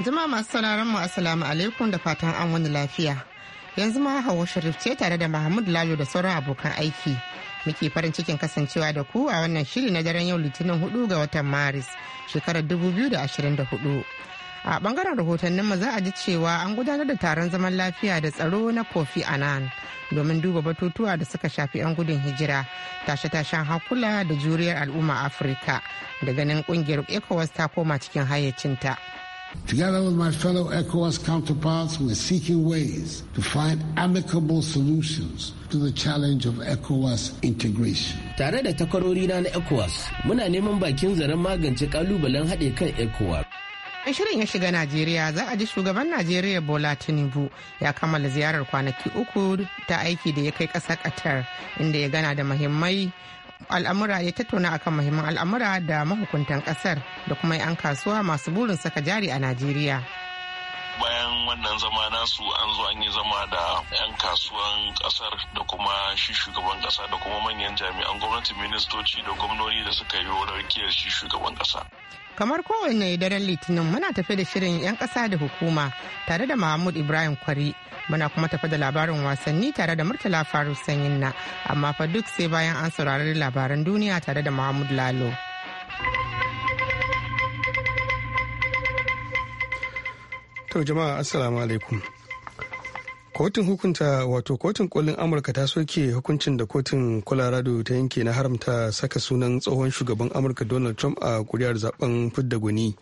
Juma masu sauraron mu assalamu alaikum da fatan an wani lafiya. Yanzu ma Hauwa Sharif ce tare da Mahmud Lalo da sauran abokan aiki. Muke farin cikin kasancewa da ku a wannan shiri na daren yau Litinin hudu ga watan Maris shekarar dubu biyu da da ashirin hudu A bangaren rahotannin mu za a ji cewa an gudanar da taron zaman lafiya da tsaro na Kofi a nan domin duba batutuwa da suka shafi 'yan gudun hijira, tashe-tashen hakula da juriyar al'umma Afirka da ganin kungiyar ECOWAS ta koma cikin hayyacinta. Together with my fellow ECOWAS counterparts, we're seeking ways to find amicable solutions to the challenge of ECOWAS integration. Tare da takwarorina na ECOWAS, muna neman bakin zaren magance kalubalen haɗe kan ECOWAS. a shirin ya shiga najeriya za a ji shugaban najeriya bola tinubu ya kammala ziyarar kwanaki uku ta aiki da ya kai ƙasa qatar inda ya gana da mahimmai al'amura ya tattauna akan muhimman al'amura da mahukuntan kasar da kuma 'yan kasuwa masu burin saka jari a najeriya bayan wannan zama nasu an zo an yi zama da 'yan kasuwan kasar da kuma shi shugaban kasa da kuma manyan jami'an gwamnati ministoci da gwamnoni da suka yi rakiyar shi shugaban kasa kamar kowanne daren litinin muna tafe da shirin 'yan ƙasa da hukuma tare da mahmud ibrahim kwari muna kuma tafe da labarin wasanni tare da murtala faru sanyin na amma fa duk sai bayan an saurari labaran duniya tare da mahmud lalo to jama'a assalamu alaikum kotun hukunta wato kotun kolin amurka ta soke hukuncin da kotun colorado ta yanke na haramta saka sunan tsohon shugaban amurka donald trump a kuri'ar zaben fidda gwani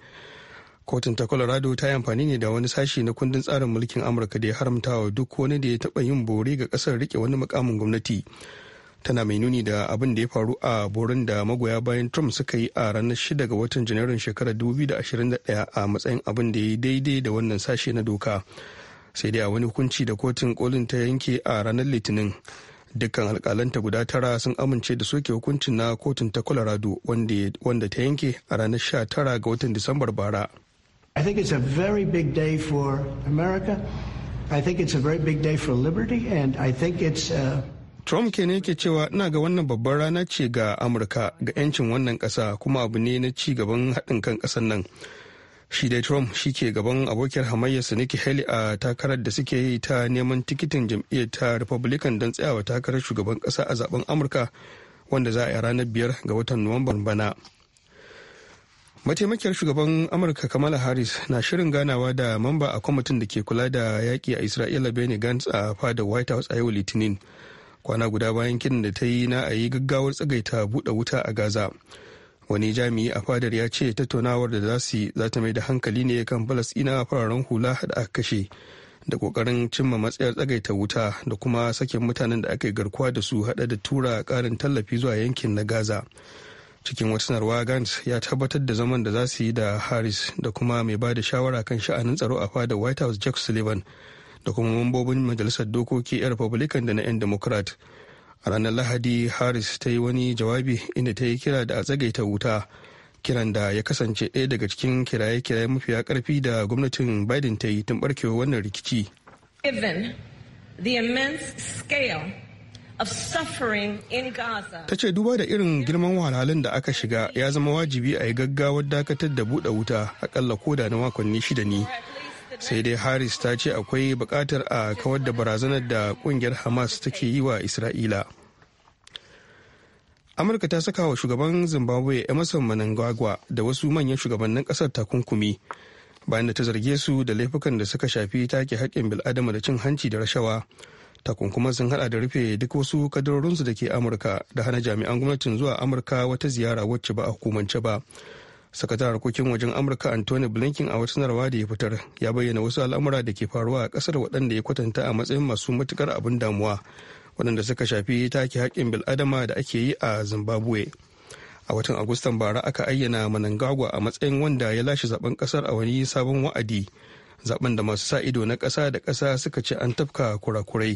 kotun ta colorado ta yi amfani ne da wani sashi na kundin tsarin mulkin amurka da ya haramta wa duk wani da ya taba yin bore ga kasar rike wani mukamin gwamnati tana mai nuni da abin da ya faru a borin da magoya bayan trump suka yi a ranar 6 ga watan janairun shekarar 2021 a matsayin abin da ya yi daidai da wannan sashe na doka. sai dai a wani hukunci da kotun kolin ta yanke a ranar litinin dukkan alkalanta guda tara sun amince da soke hukuncin na kotun ta colorado wanda ta yanke a ranar 19 ga watan disambar bara i think it's a very big day for america i think it's a very big day for liberty and i think it's uh, Trump ke ne yake cewa ina ga wannan babbar rana ce ga Amurka ga 'yancin wannan kasa kuma abu ne na ci gaban haɗin kan ƙasar nan. shi dai trump shi ke gaban abokiyar hamayyarsa nikki haley a takarar da suke yi ta neman tikitin jam'iyyar ta republican don tsayawa takarar shugaban kasa a zaben amurka wanda za a yi ranar biyar ga watan nuwamban bana mataimakiyar shugaban amurka kamala harris na shirin ganawa da mamba a kwamitin da ke kula da yaƙi a isra'ila benny gantz a fadar white house a yau litinin kwana guda bayan kiran da ta yi na a yi gaggawar tsagaita buɗe wuta a gaza wani jami'i a fadar ya ce tattaunawar da za su yi za ta mai da hankali ne kan ina fararen hula da aka kashe da kokarin cimma matsayar tsagaita wuta da kuma sakin mutanen da aka garkuwa da su hada da tura karin tallafi zuwa yankin na gaza cikin wata sanarwa gans ya tabbatar da zaman da za su yi da harris da kuma mai ba da shawara kan sha'anin tsaro a fada white house jack sullivan da kuma mambobin majalisar dokoki 'yan republican da na 'yan democrat a ranar lahadi harris ta yi wani jawabi inda ta yi kira da a tsagaita wuta kiran da ya kasance ɗaya daga cikin kiraye-kiraye mafiya ƙarfi da gwamnatin biden ta yi tun barkewar wannan rikici ta ce duba da irin girman wahalhalun da aka shiga ya zama wajibi a yi gaggawar dakatar da buɗe wuta akalla da na makonni shida ne sai dai harris ta ce akwai bukatar a kawar da barazanar da kungiyar hamas take yi wa isra'ila amurka ta saka wa shugaban zimbabwe emerson manangagwa da wasu manyan shugabannin kasar takunkumi bayan da ta zarge su da laifukan da suka shafi take haƙƙin bil'adama da cin hanci da rashawa takunkuman sun hada da rufe duk wasu kadarorinsu da ke amurka da hana jami'an gwamnatin zuwa amurka wata ziyara wacce ba a hukumance ba sakataren harkokin wajen amurka antony blinken a wata sanarwa da ya fitar ya bayyana wasu al'amura da ke faruwa a kasar waɗanda ya kwatanta a matsayin masu matukar abin damuwa waɗanda suka shafi take haƙƙin bil'adama da ake yi a zimbabwe a watan agustan bara aka ayyana manangagwa a matsayin wanda ya lashe zaben kasar a wani sabon wa'adi zaben da masu sa ido na ƙasa da ƙasa suka ce an tafka kurakurai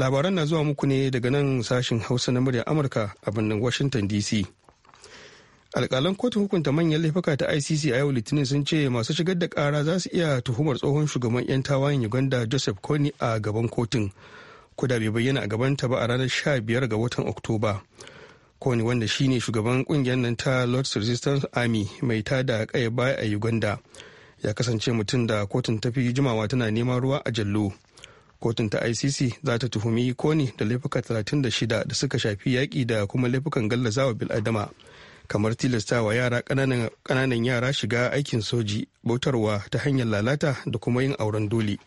labaran na zuwa muku ne daga nan sashin hausa na muryar amurka a birnin washington dc alkalan kotun hukunta manyan laifuka ta icc a yau litinin sun ce masu shigar da kara za su iya tuhumar tsohon shugaban 'yan tawayen uganda joseph kony a gaban kotun kuda bai bayyana a gabanta ba a ranar 15 ga watan oktoba kony wanda shine shugaban kungiyar nan ta lord's resistance army mai ta da kai baya a uganda ya kasance mutum da kotun ta fi jimawa tana neman ruwa a jallo kotun ta icc za ta tuhumi kony da laifuka 36 da suka shafi yaƙi da kuma laifukan gallazawa bil'adama. kamar tilasta wa yara kananan yara shiga aikin soji bautarwa ta hanyar lalata da kuma yin auren dole.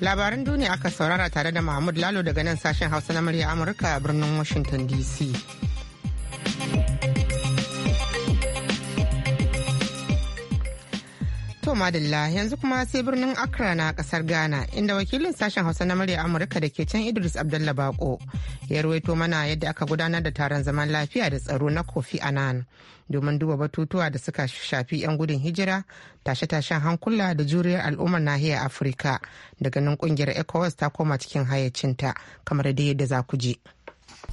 Labaran duniya aka saurara tare da Mahmud Lalo daga nan sashen Hausa na murya Amurka a birnin Washington DC. To madalla yanzu kuma sai birnin Accra na kasar Ghana inda wakilin sashen Hausa na murya Amurka da ke can Idris Abdalla Bako ya rawaito mana yadda aka gudanar da taron zaman lafiya da tsaro na Kofi Annan domin duba batutuwa da suka shafi 'yan gudun hijira tashe-tashen hankula da juriyar al'ummar nahiyar Afirka daga nan kungiyar ECOWAS ta koma cikin hayyacinta kamar da yadda za ku ji.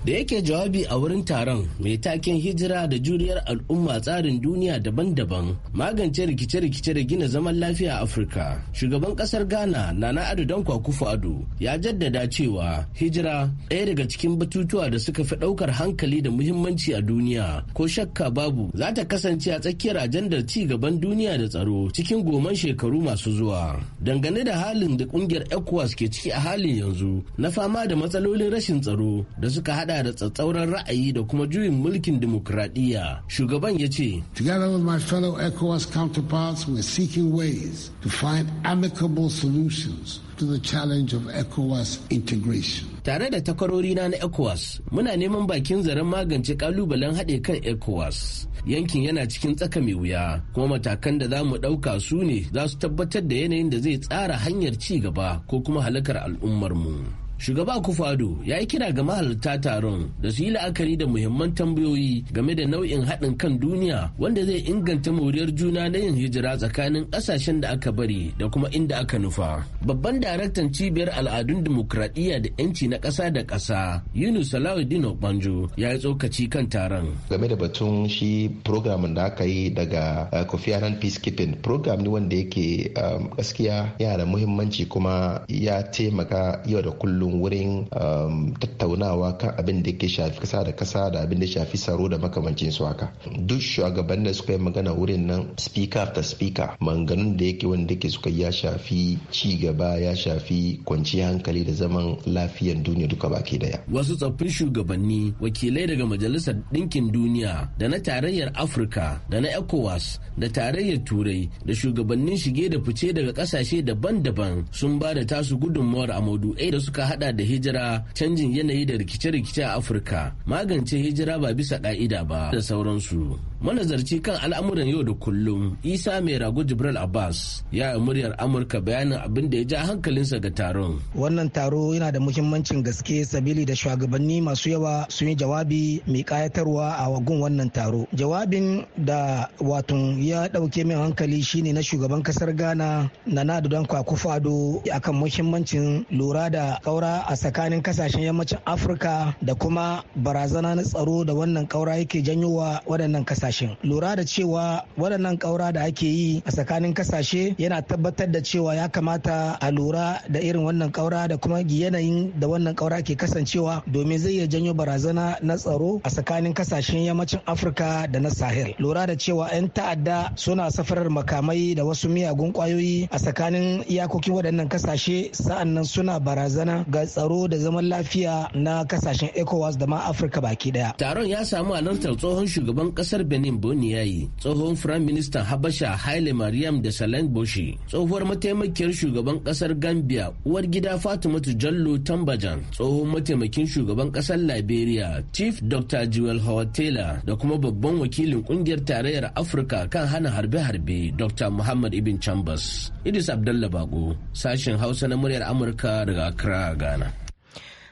da yake jawabi a wurin taron mai taken hijira da juriyar al'umma tsarin duniya daban-daban magance rikice-rikice da gina zaman lafiya a afirka shugaban kasar ghana na ado don kwakufu ado ya jaddada cewa hijira ɗaya daga cikin batutuwa da suka fi ɗaukar hankali da muhimmanci a duniya ko shakka babu za ta kasance a tsakiyar ajandar ci gaban duniya da tsaro cikin goman shekaru masu zuwa dangane da halin da kungiyar ecowas ke ciki a halin yanzu na fama da matsalolin rashin tsaro da suka haɗa hada da tsatsauran ra'ayi da kuma juyin mulkin dimokuraɗiyya. Shugaban ya ce, Together with my fellow ECOWAS counterparts, we're seeking ways to find amicable solutions to the challenge of ECOWAS integration. tare da takarori na ecowas muna neman bakin zaren magance kalubalen haɗe kan ecowas yankin yana cikin tsaka mai wuya kuma matakan da za mu ɗauka su ne za su tabbatar da yanayin da zai tsara hanyar ci gaba ko kuma halakar al'ummarmu shugaba kufado ya yi kira ga mahalarta taron da su yi la'akari da muhimman tambayoyi game da nau'in haɗin kan duniya wanda zai inganta moriyar juna na yin hijira tsakanin ƙasashen da aka bari da kuma inda aka nufa babban daraktan cibiyar al'adun dimokuraɗiyya da 'yanci na ƙasa da ƙasa yunus salawuddin banjo ya yi tsokaci kan taron game da batun shi program da aka yi daga uh, kofi annan peacekeeping program ne wanda yake um, gaskiya yana da muhimmanci kuma ya taimaka yau da kullum mutum wurin um, tattaunawa kan abin da ke shafi kasa da kasa da abin da shafi tsaro da makamancin su haka duk shugaban da suka yi magana wurin nan speaker ta speaker manganun da yake wanda ke suka ya shafi ci gaba ya shafi kwanci hankali da zaman lafiyar duniya duka baki daya wasu tsaffin shugabanni wakilai daga majalisar ɗinkin duniya da na tarayyar afirka da na ecowas da tarayyar turai da shugabannin shige da fice daga ƙasashe daban-daban sun ba da tasu gudunmawar a maudu'ai da suka haɗa hada da hijira canjin yanayi da rikice-rikice a afirka magance hijira ba bisa ka'ida ba da sauransu manazarci kan al'amuran yau da kullum isa mai rago jibril abbas ya yi muryar amurka bayanin abin da ya ja hankalinsa ga taron wannan taro yana da muhimmancin gaske sabili da shugabanni masu yawa sun yi jawabi mai kayatarwa a wagun wannan taro jawabin da wato ya dauke min hankali shine na shugaban kasar ghana na nadu don kwakufado akan muhimmancin lura da kaura a tsakanin kasashen yammacin afirka da kuma barazana na tsaro da wannan kaura yake janyowa waɗannan kasashe kasashen lura da cewa waɗannan ƙaura da ake yi a tsakanin kasashe yana tabbatar da cewa ya kamata a lura da irin wannan ƙaura da kuma yanayin da wannan ƙaura ke kasancewa domin zai iya janyo barazana na tsaro a tsakanin kasashen yammacin afirka da na sahel lura da cewa 'yan ta'adda suna safarar makamai da wasu miyagun ƙwayoyi a tsakanin iyakokin waɗannan kasashe sa'annan suna barazana ga tsaro da zaman lafiya na kasashen ecowas da ma afirka baki ɗaya. taron ya samu halartar tsohon shugaban kasar benin Lamin Boniyayi, tsohon Firayim Ministan Habasha Haile Mariam da Salen Boshi, tsohuwar mataimakiyar shugaban kasar Gambia uwar gida Fatimatu Jallo Tambajan, tsohon mataimakin shugaban kasar Liberia Chief Dr. Jewel Howard Taylor da kuma babban wakilin kungiyar tarayyar Afirka kan hana harbe-harbe Dr. Muhammad Ibn Chambers. Idris Abdullah Bago, sashen Hausa na muryar Amurka daga Accra, Ghana.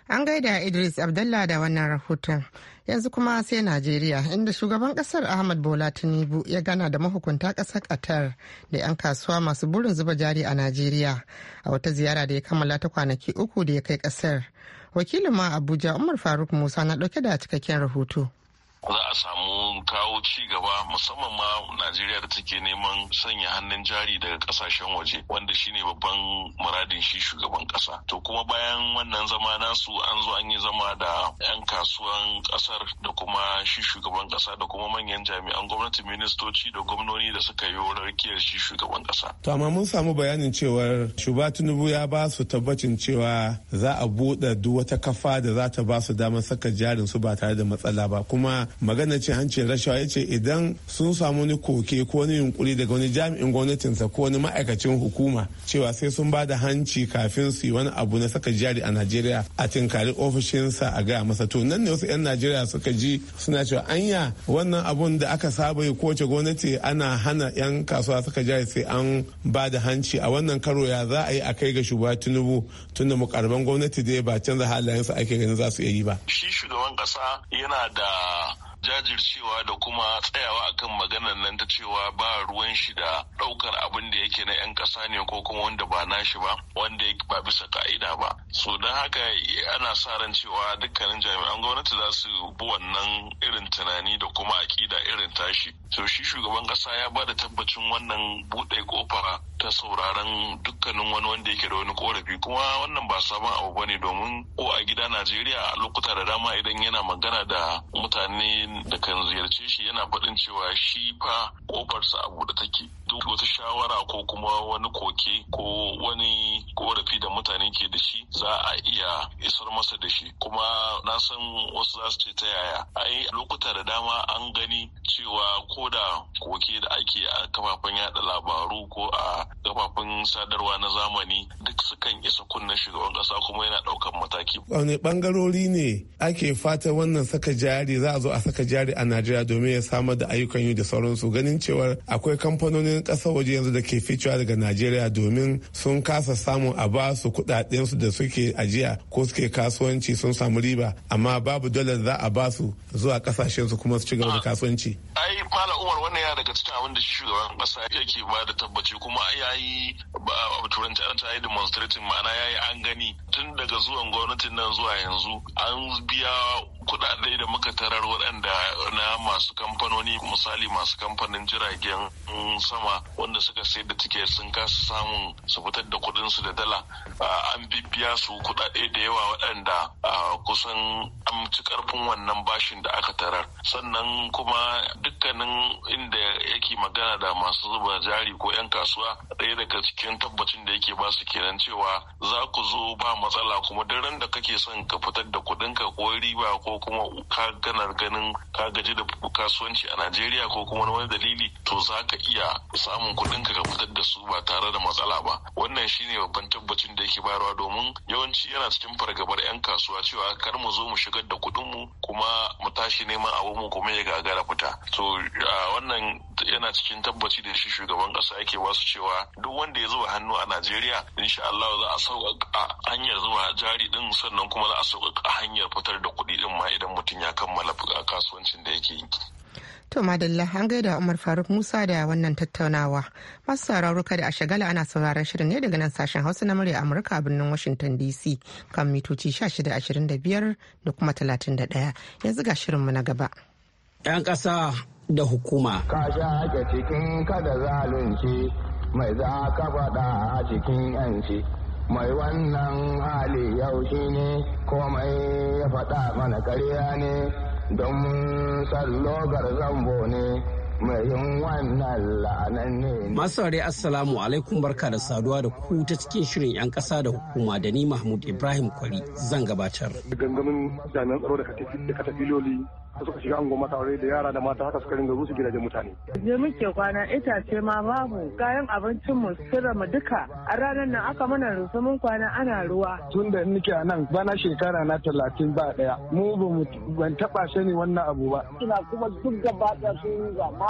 An gaida Idris Abdullah da wannan rahoton. yanzu kuma sai najeriya inda shugaban kasar ahmad bola tinubu ya gana da mahukunta kasar qatar da 'yan kasuwa masu burin zuba jari a najeriya a wata ziyara da ya kammala ta kwanaki uku da ya kai kasar wakilin ma abuja umar faruk musa na dauke da cikakken rahoto za a samu kawo ci gaba musamman ma Najeriya da take neman sanya hannun jari daga kasashen waje wanda shine babban muradin shi shugaban kasa. To kuma bayan wannan zama nasu an zo an yi zama da 'yan kasuwan kasar da kuma shi shugaban kasa da kuma manyan jami'an gwamnati ministoci da gwamnoni da suka yi rakiyar shi shugaban kasa. To amma mun samu bayanin cewar Shuba Tinubu ya ba su tabbacin cewa za a buɗe duk wata kafa da za ta ba su damar saka jarin su ba tare da matsala ba kuma magana ce hanciyar. rashawa ya ce idan sun samu ni koke ko wani yunkuri daga wani jami'in gwamnatinsa ko wani ma'aikacin hukuma cewa sai sun ba da hanci kafin su yi wani abu na saka jari a najeriya a tinkari ofishinsa a gaya masa to nan ne wasu 'yan najeriya suka ji suna cewa anya wannan abun da aka saba yi kowace gwamnati ana hana 'yan kasuwa saka jari sai an ba da hanci a wannan karo ya za a yi a kai ga shugaba tinubu tunda mukarban gwamnati dai ba canza halayensa ake ganin za su iya yi ba. shi shugaban kasa yana da jajircewa da kuma tsayawa akan maganar nan ta cewa ba ruwan shi da ɗaukar abin da yake na 'yan kasa ne ko kuma wanda ba nashi ba wanda ba bisa ka'ida ba so don haka ana sa ran cewa dukkanin jami'an gwamnati za su bi wannan irin tunani da kuma akida irin tashi to shi shugaban ƙasa ya ba da tabbacin wannan buɗe kofa ta sauraron dukkanin wani wanda yake da wani korafi kuma wannan ba sabon abu bane domin ko a gida najeriya a lokuta da dama idan yana magana da mutane da kan ziyarce shi yana faɗin cewa shi fa kofarsa a buɗe take duk wata shawara ko kuma wani koke ko wani korafi da mutane ke da shi za a iya isar masa da shi kuma na san wasu za su ce ta yaya ai lokuta da dama an gani cewa ko da koke da ake a kafafen yada labaru ko a kafafen sadarwa na zamani duk sukan isa kunnen shugaban kasa kuma yana daukan mataki. Wane bangarori ne ake fata wannan saka jari za a zo a saka jari a Najeriya domin ya samar da ayyukan yi da sauransu ganin cewa akwai kamfanonin 'yan ƙasar waje yanzu da ke ficewa daga najeriya domin sun kasa samun a ba su kuɗaɗensu da suke ajiya ko suke kasuwanci sun samu riba amma babu dalar za a ba su zuwa ƙasashen su kuma su ci gaba da ah. kasuwanci. ai mala umar wannan ya daga cikin abin da shi shugaban ƙasa yake ba da tabbaci kuma ya yi turanci an ta yi demonstrating ma'ana ya yi an gani tun daga zuwan gwamnatin nan zuwa yanzu an biya kudade da muka tarar waɗanda na masu kamfanoni misali masu kamfanin jiragen sama wanda suka sayar da tike sun kasa samun su fitar da kudin su da dala an bibiya su kudade da yawa waɗanda kusan an ci karfin wannan bashin da aka tarar sannan kuma dukkanin inda yake magana da masu zuba jari ko 'yan kasuwa ɗaya daga cikin tabbacin da yake ba su kenan cewa za ku zo ba matsala kuma duk da kake son ka fitar da kudinka ko riba ko kuma ka ganar ganin ka gaji da kasuwanci a Najeriya ko kuma wani dalili to za ka iya samun kuɗin ka fitar da su ba tare da matsala ba wannan shine babban tabbacin da yake bayarwa domin yawanci yana cikin fargabar 'yan kasuwa cewa kar mu zo mu shigar da kuɗin mu kuma mu tashi neman abu mu kuma ya gagara fita to wannan yana cikin tabbaci da shi shugaban ƙasa yake wasu cewa duk wanda ya zuba hannu a Najeriya insha Allah za a sauƙaƙa hanyar zuba jari din sannan kuma za a sauƙaƙa hanyar fitar da kuɗi din ma idan mutum ya kammala kasuwancin da yake yi. To madalla an gaida Umar Faruk Musa da wannan tattaunawa. Masu sauraruka da a shagala ana sauraron shirin ne daga nan sashen Hausa na murya Amurka a birnin Washington DC kan mitoci 1625 da kuma 31. Yanzu ga shirin mu na gaba. 'Yan ƙasa da hukuma. Ka sha cikin kada zalunci mai za ka faɗa a cikin 'yanci. mai wannan hali yau shi ne komai ya faɗa mana karya ne don sallogar zambo ne Masu saurari Assalamu alaikum barka da saduwa da ku ta cikin shirin 'yan kasa da hukuma da ni Mahmud Ibrahim Kwari zan gabatar. Gangamin jami'an tsaro da katafiloli suka shiga angon masarai da yara da mata haka suka ringa rusu gidajen mutane. Je muke kwana itace ma babu kayan abincin mu sirra mu duka a ranar nan aka mana rusu mun kwana ana ruwa. Tun da nike a nan bana shekara na talatin ba daya mu ban taba sani wannan abu ba. Ina kuma duk gaba ɗaya sun ma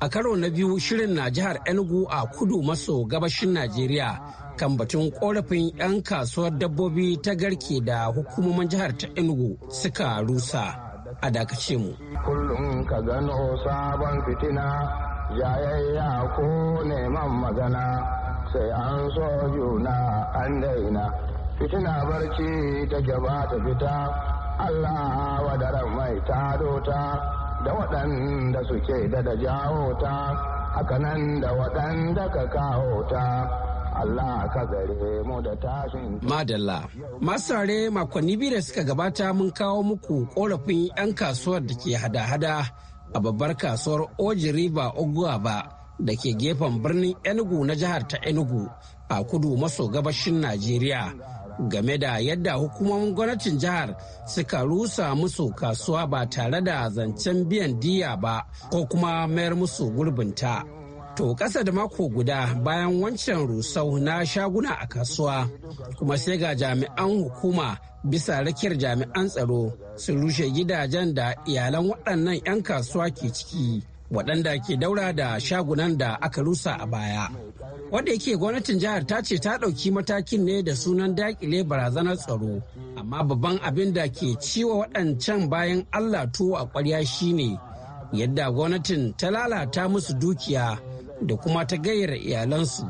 a karo na biyu shirin na jihar Enugu a kudu maso gabashin Najeriya kan batun korafin 'yan kasuwar dabbobi ta garke da hukumomin jihar ta Enugu suka rusa a dakace mu. Kullum ka gano sabon fitina yayayya ko neman magana sai an so juna an daina fitina barci ta gaba ta fita. Allah wadaran mai tado ta da waɗanda suke da da jawo ta nan da waɗanda ka kawo ta Allah ka gare mu da tashin Madalla masu makonni biyu da suka gabata mun kawo muku ƙorafin 'yan kasuwar da ke hada-hada a babbar kasuwar Oji Oguwa Oguaba da ke gefen birnin Enugu na jihar ta Enugu a kudu maso gabashin Najeriya game da yadda hukumomin gwamnatin jihar suka rusa musu kasuwa ba tare da zancen biyan diya ba ko kuma mayar musu gurbinta. To ƙasa da mako guda bayan wancan rusau na shaguna a kasuwa kuma sai ga jami'an hukuma bisa rakiyar jami'an tsaro su rushe gidajen da iyalan waɗannan 'yan kasuwa ke ciki waɗanda ke daura da shagunan da aka rusa a baya. wanda yake gwamnatin jihar ta ce ta ɗauki matakin ne da sunan dakile barazanar tsaro amma babban abin da ke ciwa waɗancan bayan allah tuwo a ƙwarya shine yadda gwamnatin ta lalata musu dukiya da kuma ta gayyara iyalansu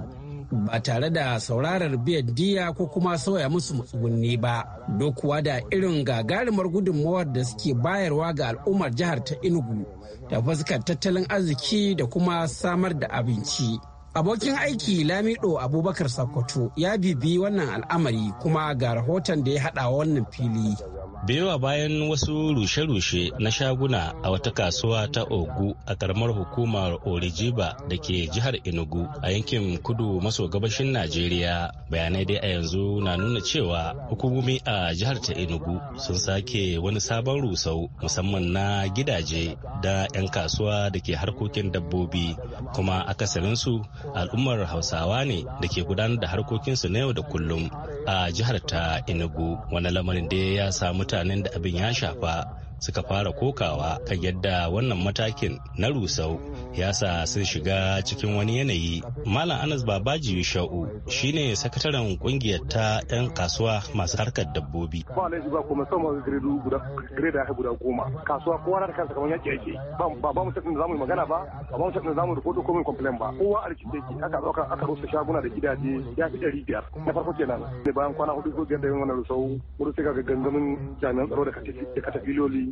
ba tare da saurarar biyan diya ko kuma sauya musu matsugunni ba dokuwa da irin gagarumar gudunmawar da suke bayarwa ga al'ummar jihar ta inugu da fuskar tattalin arziki da kuma samar da abinci Abokin aiki Lamido Abubakar Sakkwato ya bibi wannan al'amari kuma ga rahoton da ya haɗa wannan fili. Biyowa bayan wasu rushe-rushe na shaguna a wata kasuwa ta Ogu a karamar hukumar Orijiba da ke jihar Enugu a yankin kudu maso gabashin Najeriya. Bayanai dai a yanzu na nuna cewa hukumomi a jihar ta Enugu sun sake wani sabon rusau musamman na gidaje da 'yan kasuwa da ke harkokin dabbobi kuma akasarinsu al'ummar hausawa ne da ke gudanar da harkokinsu na yau da kullum a jihar ta inugu wani lamarin da ya sa mutanen da abin ya shafa suka fara kokawa kan yadda wannan matakin na rusau ya sa sun shiga cikin wani yanayi malam anas babaji sha'u shine sakataren kungiyar ta 'yan kasuwa masu harkar dabbobi ba laifi ba kuma sama greda ya guda goma kasuwa kowa na kansa kamar yaki yake ba ba mu sakin da zamu magana ba ba mu sakin da zamu rubuta komai complain ba kowa a rikice yake aka dauka aka rusa shaguna da gidaje ya fi ɗari biyar na farko kenan ne bayan kwana hudu ko biyar da yin wannan rusau wurin sai ga gangamin jami'an tsaro da katafiloli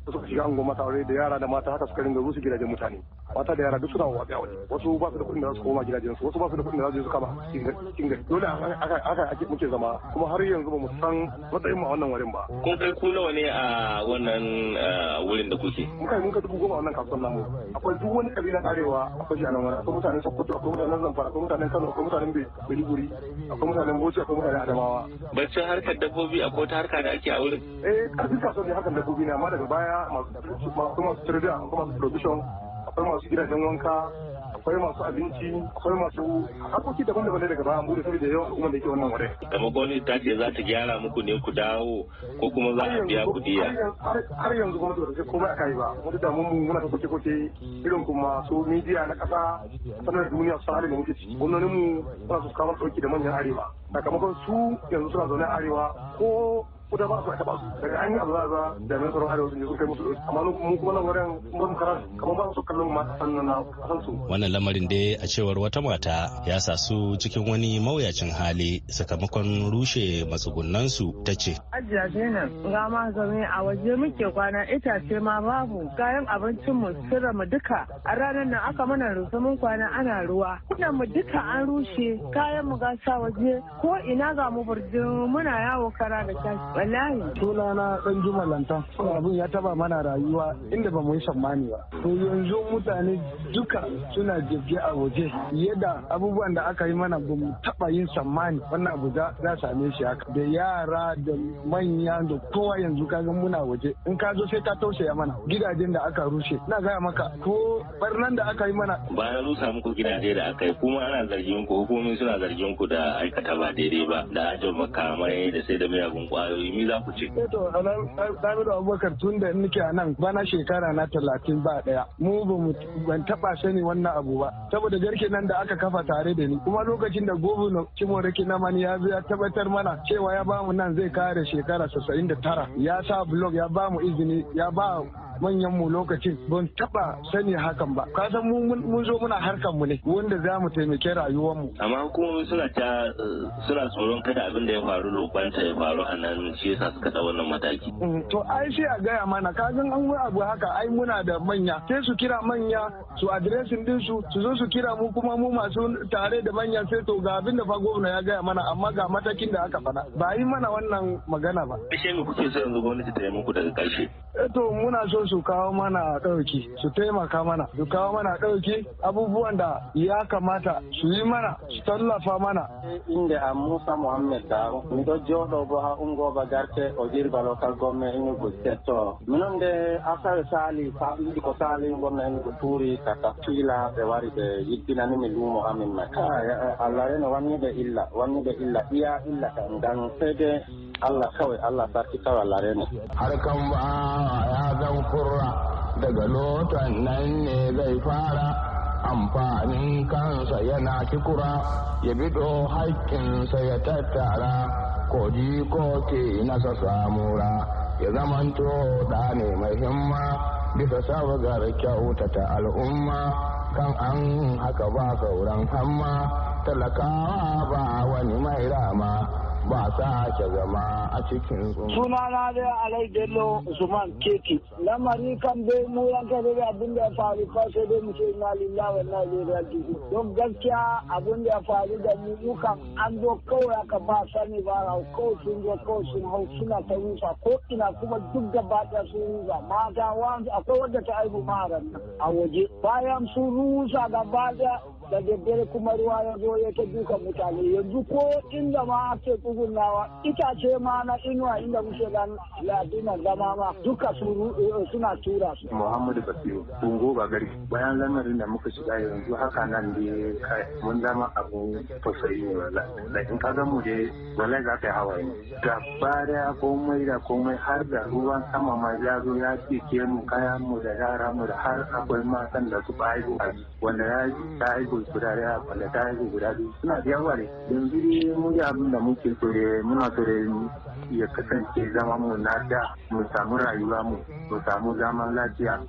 suka shiga angon mata aure da yara da mata haka suka ringa rusu gidajen mutane mata da yara duk suna watsi a waje wasu ba su da kuɗin da za su koma gidajen su wasu ba su da kuɗin da za su je su kama cikin gari dole aka ake muke zama kuma har yanzu ba mu san matsayin mu a wannan wurin ba kun kai ku nawa ne a wannan wurin da kuke mun kai mun ka dubu goma a wannan kasuwar namu akwai duk wani kabila arewa akwai shi a nan wani akwai mutanen sokoto akwai mutanen zamfara akwai mutanen kano akwai mutanen maiduguri akwai mutanen bauchi akwai mutanen adamawa bacin harkar dabbobi akwai ta harka da ake a wurin eh karfin kasuwar ne harkar dabbobi na amma daga baya kaya masu masu tirda akwai masu production akwai masu gidajen wanka akwai masu abinci akwai masu harkoki daban daban daga mu da sabida yawan kuma da yake wannan wurin. Kama gwamnati ta ce za ta gyara muku ne ku dawo ko kuma za a biya ku diya. Har yanzu gwamnati ba ta ce komai a kai ba wata damun mu muna ta koke koke irin kuma su media na kasa sanar duniya su halin da muke ciki gwamnatin mu suna su kawo ɗauki da manyan arewa sakamakon su yanzu suna zaune arewa ko kuda ba su aka ba su daga an yi abu da mai tsoron arewa sun je sun kai musu amma mun kuma nan wurin mun karar kamar ba su kallon ma sannan na kasan su. wannan lamarin dai a cewar wata mata ya sa su cikin wani mawuyacin hali sakamakon rushe matsugunan su ta ce. ajiya shi nan ga ma zaune a waje muke kwana itace ma babu kayan abincin mu sirra mu duka a ranar nan aka mana rusa mun kwana ana ruwa kudan mu duka an rushe kayan mu gasa waje ko ina ga mu burjin muna yawo kara da tashi wallahi suna na dan juma lantan abin ya taba mana rayuwa inda bamu yi sammani ba to yanzu mutane duka suna jirgi a waje yadda abubuwan da aka yi mana ba mu taba yin sammani. wannan abu za same shi haka da yara da manya da kowa yanzu kaga muna waje in ka zo sai ka tausaya mana gidajen da aka rushe na gaya maka ko barnan da aka yi mana ya rusa muku gidaje da aka yi kuma ana zargin ku hukumomi suna zargin ku da aikata ba daidai ba da ajin makamai da sai da miyagun kwayoyi ni za ku ce? Eto eh Lamido Abubakar tun da nake a nan bana shekara na talatin ba ɗaya. Mu ba mu ban taɓa sani wannan abu ba. Saboda garke nan da aka kafa tare da ni. Kuma lokacin da gobunan Cimore Kinamani ya zo ya tabbatar mana cewa ya bamu nan zai kare shekara da tara Ya sa blog ya bamu izini ya ba manyan mu lokacin ban taba sani hakan ba ka san mun zo muna harkan mu ne wanda za mu taimake rayuwar mu amma hukumomi suna ta suna tsoron kada abin da ya faru lokanta ya faru a nan shi yasa suka da wannan mataki mm, to ai sai a gaya mana ka san an wani abu haka ai muna da manya sai su kira manya su adiresin din su su zo su kira mu kuma mu masu tare da manya sai to ga abin da fa gwamna ya gaya mana amma ga matakin da aka faɗa ba yi mana wannan magana ba. Bishe kuke so yanzu gwamnati ta yi muku daga ƙarshe. Eh, to muna so su kawo mana ɗauki su taimaka mana su kawo mana ɗauki abubuwan da ya kamata su yi mana su tallafa mana. inde a musa muhammed mi miɗo joɗo bo ha ungoba garte o jirba local gomme enugu setto minon de affaire sali ɗiɗi ko sali gonna enugu tuuri kata fiila ɓe wari ɓe yiddinanimi lumo amin mai allah reno wanniɓe illa wanniɓe illa iya illa kam ngan sede Allah kawai Allah sarki kawai lare ne harkan ba ya zan kurra daga lotan nan ne zai fara amfanin kansa yana kikura ya bido haƙƙinsa ya tattara ko ji ko ke nasa samura ya zamanto da ne mai himma bisa sabgar kyautata al'umma kan an haka ba sauran hamma talakawa ba wani mai rama ba ake zama a cikin suna na da alai dello usman keti lamari kan dai mu yanka da abin da ya faru fa sai dai mu ce inna wa nigeria don gaskiya abin da ya faru da mu an zo kawai aka ba sani ba rau kawai sun zo kawai sun hau suna ta rusa ko ina kuma duk gaba bada sun rusa mata wani akwai wadda ta aihu maharan a waje bayan sun rusa gaba da da daddare kuma ruwa ya zo ya ta duka mutane yanzu ko inda ma ake tsugunawa itace ma na inuwa inda muke dan ladinan zama ma duka eh, suna tura su. Muhammadu Basiru, Bungo Bagari, bayan lamarin da muka shiga yanzu haka nan ne mun zama abu fasayi ne wala. Da in ka ga mu dai wala za ka yi hawaye. Gaba daya komai da komai har da ruwan sama ma ya zo ya ce mu kayan mu da yara mu da har akwai matan da su ba wanda ya yi babu turare a kwallata yake guda biyu suna da yawa ne yanzu dai mu da abin da muke so da muna so da ya kasance zama mu na da mu samu rayuwa mu mu samu zaman lafiya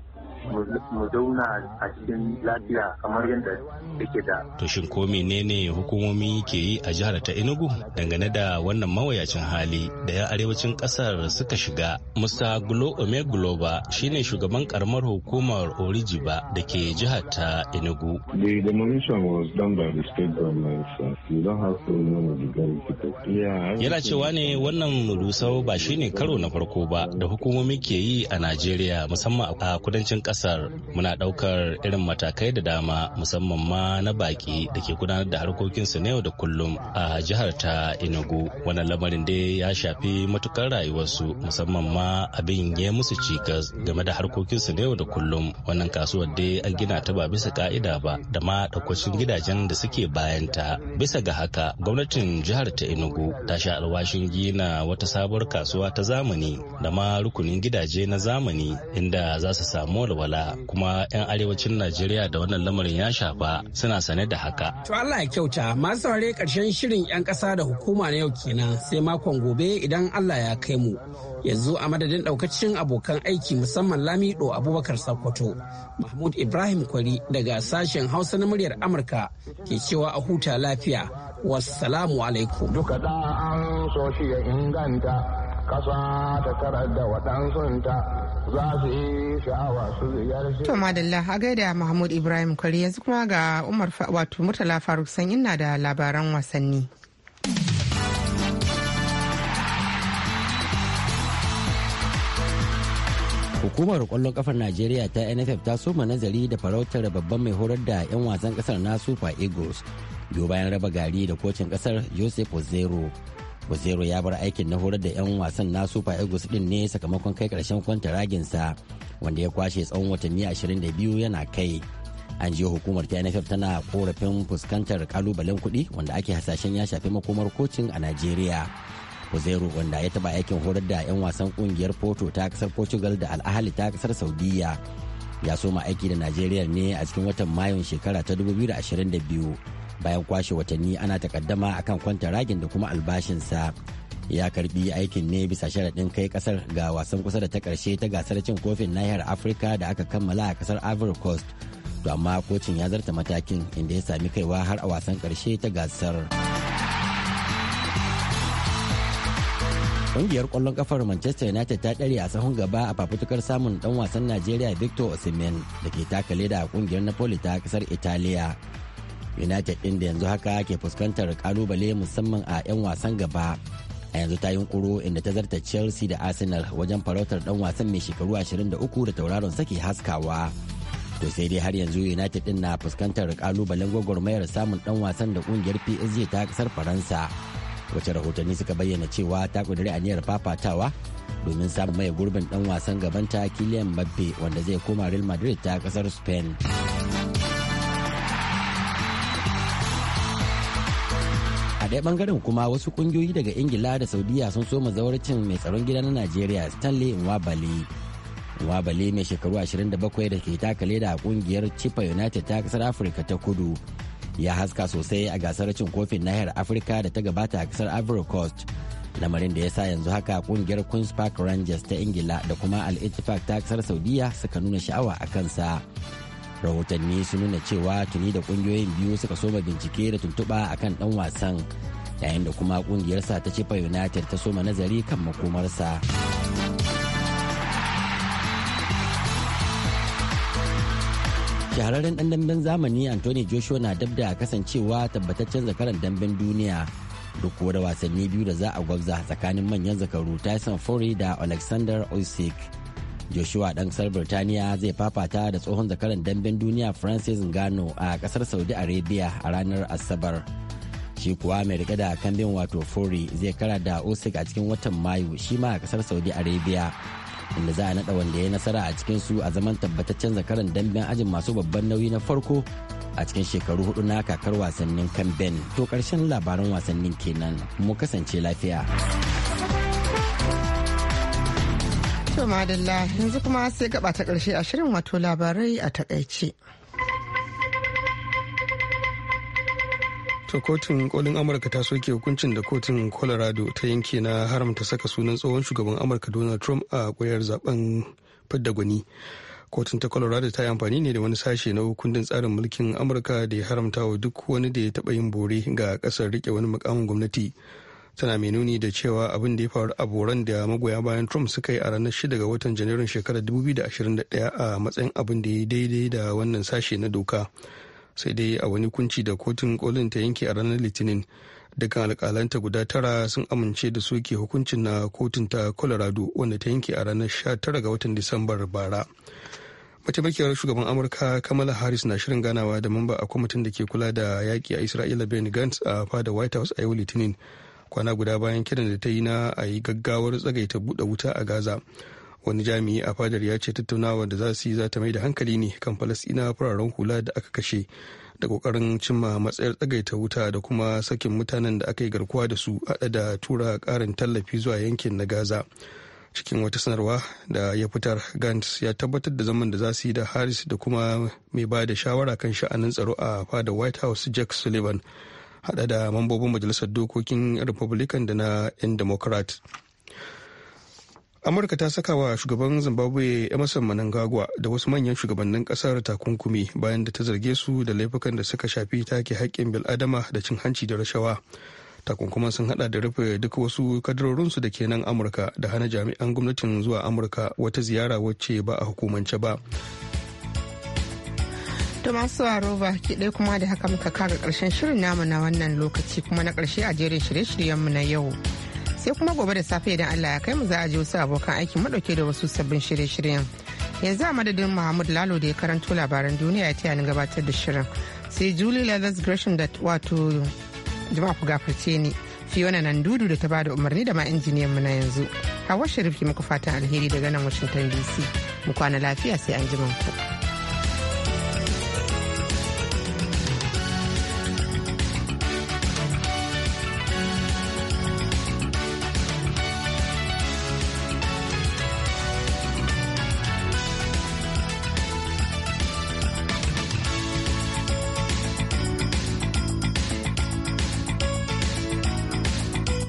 mu zauna a cikin lafiya kamar yadda take da. To shin ko menene hukumomi ke yi a jihar ta Enugu dangane da wannan mawayacin hali da ya arewacin kasar suka shiga? Musa Gulo Guloba shine shugaban karamar hukumar Orijiba da ke jihar ta Enugu. The demolition was done by the state government. You don't have to know the government. Yana cewa ne wannan rusau ba shine karo na farko ba da hukumomi ke yi a Najeriya musamman a kudancin kasar. kasar muna daukar irin matakai da dama musamman ma na baki da ke gudanar da harkokinsu na yau da kullum a jihar ta inugu wannan lamarin dai ya shafi matukar rayuwarsu musamman ma abin ya musu cikas game da harkokinsu na yau da kullum wannan kasuwar dai an gina ta ba bisa ka'ida ba da ma daukacin gidajen da suke bayan ta bisa ga haka gwamnatin jihar ta inugu ta sha alwashin gina wata sabuwar kasuwa ta zamani da ma rukunin gidaje na zamani inda za su samu walwala kuma 'yan arewacin najeriya da wannan lamarin ya shafa suna sane da haka to allah ya kyauta masu saurare karshen shirin 'yan kasa da hukuma na yau kenan sai makon gobe idan allah ya kai mu yanzu a madadin daukacin abokan aiki musamman lamido abubakar sakkwato mahmud ibrahim kwari daga sashen hausa na muryar amurka ke cewa a huta lafiya wassalamu alaikum duka da an so ya inganta kasa ta tarar da waɗansunta za su yi sha'awa su ziyarci. To madalla a gaida Mahmud Ibrahim Kwari yanzu kuma ga Umar wato Murtala Faruk san na da labaran wasanni. hukumar kwallon kafar najeriya ta nff ta soma nazari da farautar babban mai horar da 'yan wasan kasar na super eagles biyu bayan raba gari da kocin kasar joseph ozero Ozero ya bar aikin na horar da 'yan wasan na Super Eagles din ne sakamakon kai karshen kwanta kwantaraginsa wanda ya kwashe tsawon watanni 22 yana kai. An ji hukumar TNFF tana korafin fuskantar kalubalen kuɗi wanda ake hasashen ya shafi makomar kocin a Najeriya. Ozero wanda ya taba aikin horar da 'yan wasan kungiyar Porto ta kasar Portugal da Al'ahali ta kasar Saudiya. Ya soma aiki da Najeriya ne a cikin watan Mayun shekara ta 2022. bayan kwashe watanni ana takaddama akan kwanta ragin da kuma albashinsa ya karbi aikin ne bisa sharaɗin kai kasar ga wasan kusa da ta ƙarshe ta gasar cin kofin nahiyar afirka da aka kammala a kasar ivory coast to amma kocin ya zarta matakin inda ya sami kaiwa har a wasan ƙarshe ta gasar. Ƙungiyar ƙwallon ƙafar Manchester United ta ɗare a sahun gaba a fafutukar samun ɗan wasan Najeriya Victor Osimhen da ke taka leda a ƙungiyar Napoli ta ƙasar Italiya. united ɗin da yanzu haka ke fuskantar kalubale musamman a 'yan wasan gaba a yanzu ta yunkuro inda ta zarta chelsea da arsenal wajen farautar dan wasan mai shekaru 23 da tauraron sake haskawa to sai dai har yanzu united din na fuskantar kalubalen gwagwarmayar samun dan wasan da kungiyar psg ta kasar faransa wacce rahotanni suka bayyana cewa ta a aniyar fafatawa domin samun mai gurbin dan wasan gabanta kilian mbappe wanda zai koma real madrid ta kasar spain ɗaya bangaren kuma wasu kungiyoyi daga ingila da saudiya sun so mazawarcin mai tsaron gida na najeriya stanley nwabali nwabali mai shekaru 27 da ke takale da kungiyar chipa united ta kasar afirka ta kudu ya haska sosai a gasar cin kofin nahiyar afirka da ta gabata a kasar ivory coast lamarin da ya sa yanzu haka kungiyar queens park rangers ta ingila da kuma al ta kasar saudiya suka nuna sha'awa a kansa rahotanni sun nuna cewa tuni da kungiyoyin biyu suka soma bincike da tuntuɓa kan ɗan wasan yayin da kuma kungiyarsa ta fa united ta soma nazari kan makomarsa shahararren ɗan damben zamani anthony joshua na dab da kasancewa tabbataccen zakaran damben duniya duk kuwa wasanni biyu da za a gwabza tsakanin manyan zakaru tyson fury da alexander usyk joshua dan kasar birtaniya zai fafata da tsohon zakaran damben duniya francis ngano a kasar saudi arabia a ranar asabar shi kuwa mai rike da kambin wato fori zai kara da osik a cikin watan mayu shi ma a kasar saudi arabia inda za a naɗa wanda ya yi nasara a cikin su a zaman tabbataccen zakaran damben ajin masu babban nauyi na farko a cikin shekaru hudu na kakar wasannin kamben to karshen labaran wasannin kenan mu kasance lafiya To madalla yanzu kuma sai gaba ta ƙarshe a shirin wato labarai a takaice. ta kotun kolin amurka ta soke hukuncin da kotun colorado ta yanke na haramta saka sunan tsohon shugaban amurka donald trump a kuri'ar zaben fidda gwani kotun ta colorado ta yi amfani ne da wani sashe na kundin tsarin mulkin amurka da ya haramta wa duk wani da ya taɓa yin bore ga ƙasar rike wani mukamin gwamnati tana mai nuni da cewa abin da ya faru a boran da magoya bayan trump suka yi a ranar 6 ga watan janairun shekarar 2021 a matsayin abin da ya daidai da wannan sashe na doka sai dai a wani kunci da kotun kolin ta yanke a ranar litinin dukkan alkalanta guda tara sun amince da soke hukuncin na kotun ta colorado wanda ta yanke a ranar 19 ga watan disambar bara mataimakiyar shugaban amurka kamala harris na shirin ganawa da mamba a kwamitin da ke kula da yaki a isra'ila ben gantz a fada white house a yau litinin kwana guda bayan kiran da ta yi na a yi gaggawar tsagaita buɗe wuta a gaza wani jami'i a fadar ya ce tattaunawa da za su yi za ta mai da hankali ne kan falasina fararen hula da aka kashe da kokarin cimma matsayar tsagaita wuta da kuma sakin mutanen da aka yi garkuwa da su haɗa da tura karin tallafi zuwa yankin na gaza cikin wata sanarwa da ya fitar gantz ya tabbatar da zaman da za su yi da harris da kuma mai ba da shawara kan sha'anin tsaro a fadar white house jack sullivan hada da mambobin majalisar dokokin republican da na 'yan democrat amurka ta saka wa shugaban zimbabwe emerson manangagwa da wasu manyan shugabannin kasar takunkumi bayan da ta zarge su da laifukan da suka shafi take haƙƙin bil'adama da cin hanci da rashawa takunkuman sun hada da rufe duk wasu kadarorinsu da ke nan amurka da hana jami'an gwamnatin zuwa amurka wata ziyara wacce ba a hukumance ba To masu waro baki ɗaya kuma da haka muka kaga ƙarshen shirin namu na wannan lokaci kuma na ƙarshe a jerin shirye-shiryenmu na yau. Sai kuma gobe da safe idan Allah ya kai mu za a je wasu abokan aiki madauke da wasu sabbin shirye-shiryen. Yanzu a madadin Muhammad Lalo da ya karanto labaran duniya ya taya ni gabatar da shirin. Sai Julie Leathers Gresham da wato jama'a ku gafarce ni. Fiona nan dudu da ta bada umarni da ma injiniyan mu na yanzu. Hawa Sharif ki muku fatan alheri daga nan Washington DC. Mu kwana lafiya sai an ku.